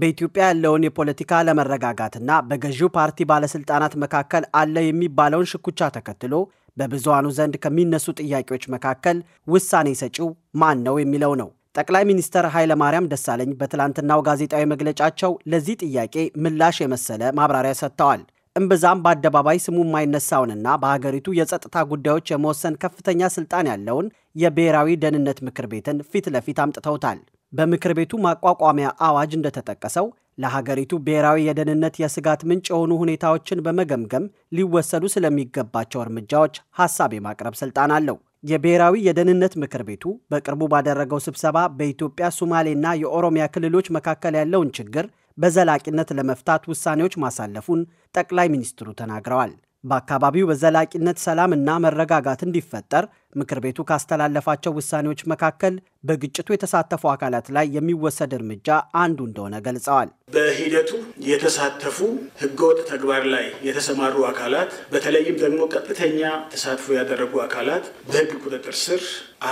በኢትዮጵያ ያለውን የፖለቲካ አለመረጋጋትና በገዢው ፓርቲ ባለስልጣናት መካከል አለ የሚባለውን ሽኩቻ ተከትሎ በብዙሃኑ ዘንድ ከሚነሱ ጥያቄዎች መካከል ውሳኔ ሰጪው ማን ነው የሚለው ነው። ጠቅላይ ሚኒስትር ኃይለማርያም ደሳለኝ በትላንትናው ጋዜጣዊ መግለጫቸው ለዚህ ጥያቄ ምላሽ የመሰለ ማብራሪያ ሰጥተዋል። እምብዛም በአደባባይ ስሙ የማይነሳውንና በሀገሪቱ የጸጥታ ጉዳዮች የመወሰን ከፍተኛ ስልጣን ያለውን የብሔራዊ ደህንነት ምክር ቤትን ፊት ለፊት አምጥተውታል። በምክር ቤቱ ማቋቋሚያ አዋጅ እንደተጠቀሰው ለሀገሪቱ ብሔራዊ የደህንነት የስጋት ምንጭ የሆኑ ሁኔታዎችን በመገምገም ሊወሰዱ ስለሚገባቸው እርምጃዎች ሀሳብ የማቅረብ ስልጣን አለው። የብሔራዊ የደህንነት ምክር ቤቱ በቅርቡ ባደረገው ስብሰባ በኢትዮጵያ ሶማሌና የኦሮሚያ ክልሎች መካከል ያለውን ችግር በዘላቂነት ለመፍታት ውሳኔዎች ማሳለፉን ጠቅላይ ሚኒስትሩ ተናግረዋል። በአካባቢው በዘላቂነት ሰላምና መረጋጋት እንዲፈጠር ምክር ቤቱ ካስተላለፋቸው ውሳኔዎች መካከል በግጭቱ የተሳተፉ አካላት ላይ የሚወሰድ እርምጃ አንዱ እንደሆነ ገልጸዋል። በሂደቱ የተሳተፉ ህገወጥ ተግባር ላይ የተሰማሩ አካላት በተለይም ደግሞ ቀጥተኛ ተሳትፎ ያደረጉ አካላት በህግ ቁጥጥር ስር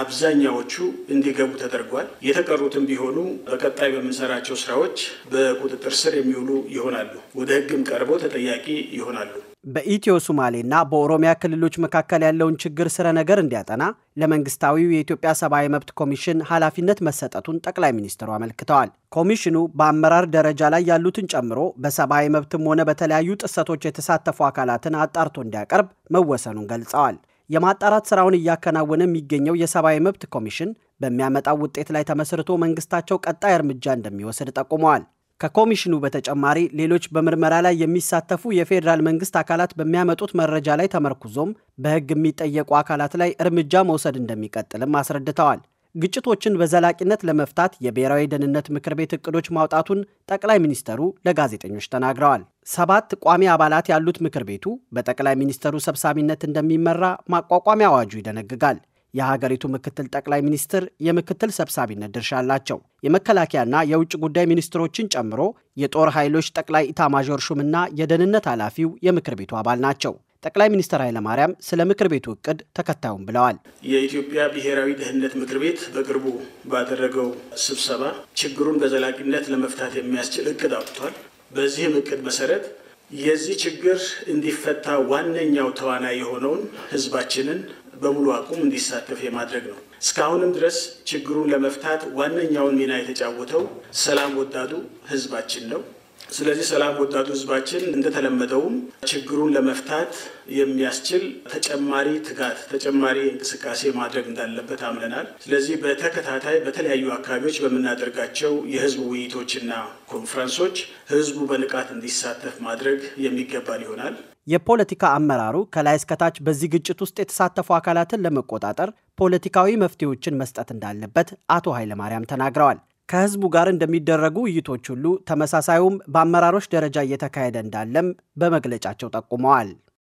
አብዛኛዎቹ እንዲገቡ ተደርጓል። የተቀሩትም ቢሆኑ በቀጣይ በምንሰራቸው ስራዎች በቁጥጥር ስር የሚውሉ ይሆናሉ። ወደ ህግም ቀርቦ ተጠያቂ ይሆናሉ። በኢትዮ ሱማሌና በኦሮሚያ ክልሎች መካከል ያለውን ችግር ስረ ነገር እንዲያጠና ለመንግስታዊው የኢትዮጵያ ሰብአዊ መብት ኮሚሽን ኃላፊነት መሰጠቱን ጠቅላይ ሚኒስትሩ አመልክተዋል። ኮሚሽኑ በአመራር ደረጃ ላይ ያሉትን ጨምሮ በሰብአዊ መብትም ሆነ በተለያዩ ጥሰቶች የተሳተፉ አካላትን አጣርቶ እንዲያቀርብ መወሰኑን ገልጸዋል። የማጣራት ስራውን እያከናወነ የሚገኘው የሰብአዊ መብት ኮሚሽን በሚያመጣው ውጤት ላይ ተመስርቶ መንግስታቸው ቀጣይ እርምጃ እንደሚወስድ ጠቁመዋል። ከኮሚሽኑ በተጨማሪ ሌሎች በምርመራ ላይ የሚሳተፉ የፌዴራል መንግስት አካላት በሚያመጡት መረጃ ላይ ተመርኩዞም በሕግ የሚጠየቁ አካላት ላይ እርምጃ መውሰድ እንደሚቀጥልም አስረድተዋል። ግጭቶችን በዘላቂነት ለመፍታት የብሔራዊ ደህንነት ምክር ቤት እቅዶች ማውጣቱን ጠቅላይ ሚኒስተሩ ለጋዜጠኞች ተናግረዋል። ሰባት ቋሚ አባላት ያሉት ምክር ቤቱ በጠቅላይ ሚኒስተሩ ሰብሳቢነት እንደሚመራ ማቋቋሚያ አዋጁ ይደነግጋል። የሀገሪቱ ምክትል ጠቅላይ ሚኒስትር የምክትል ሰብሳቢነት ድርሻ አላቸው። የመከላከያና የውጭ ጉዳይ ሚኒስትሮችን ጨምሮ የጦር ኃይሎች ጠቅላይ ኢታማዦር ሹምና የደህንነት ኃላፊው የምክር ቤቱ አባል ናቸው። ጠቅላይ ሚኒስትር ኃይለማርያም ስለ ምክር ቤቱ እቅድ ተከታዩም ብለዋል። የኢትዮጵያ ብሔራዊ ደህንነት ምክር ቤት በቅርቡ ባደረገው ስብሰባ ችግሩን በዘላቂነት ለመፍታት የሚያስችል እቅድ አውጥቷል። በዚህም እቅድ መሰረት የዚህ ችግር እንዲፈታ ዋነኛው ተዋናይ የሆነውን ህዝባችንን በሙሉ አቁም እንዲሳተፍ የማድረግ ነው። እስካሁንም ድረስ ችግሩን ለመፍታት ዋነኛውን ሚና የተጫወተው ሰላም ወዳዱ ህዝባችን ነው። ስለዚህ ሰላም ወጣቱ ህዝባችን እንደተለመደውም ችግሩን ለመፍታት የሚያስችል ተጨማሪ ትጋት፣ ተጨማሪ እንቅስቃሴ ማድረግ እንዳለበት አምነናል። ስለዚህ በተከታታይ በተለያዩ አካባቢዎች በምናደርጋቸው የህዝብ ውይይቶችና ኮንፈረንሶች ህዝቡ በንቃት እንዲሳተፍ ማድረግ የሚገባን ይሆናል። የፖለቲካ አመራሩ ከላይ እስከታች በዚህ ግጭት ውስጥ የተሳተፉ አካላትን ለመቆጣጠር ፖለቲካዊ መፍትሄዎችን መስጠት እንዳለበት አቶ ኃይለማርያም ተናግረዋል። ከህዝቡ ጋር እንደሚደረጉ ውይይቶች ሁሉ ተመሳሳዩም በአመራሮች ደረጃ እየተካሄደ እንዳለም በመግለጫቸው ጠቁመዋል።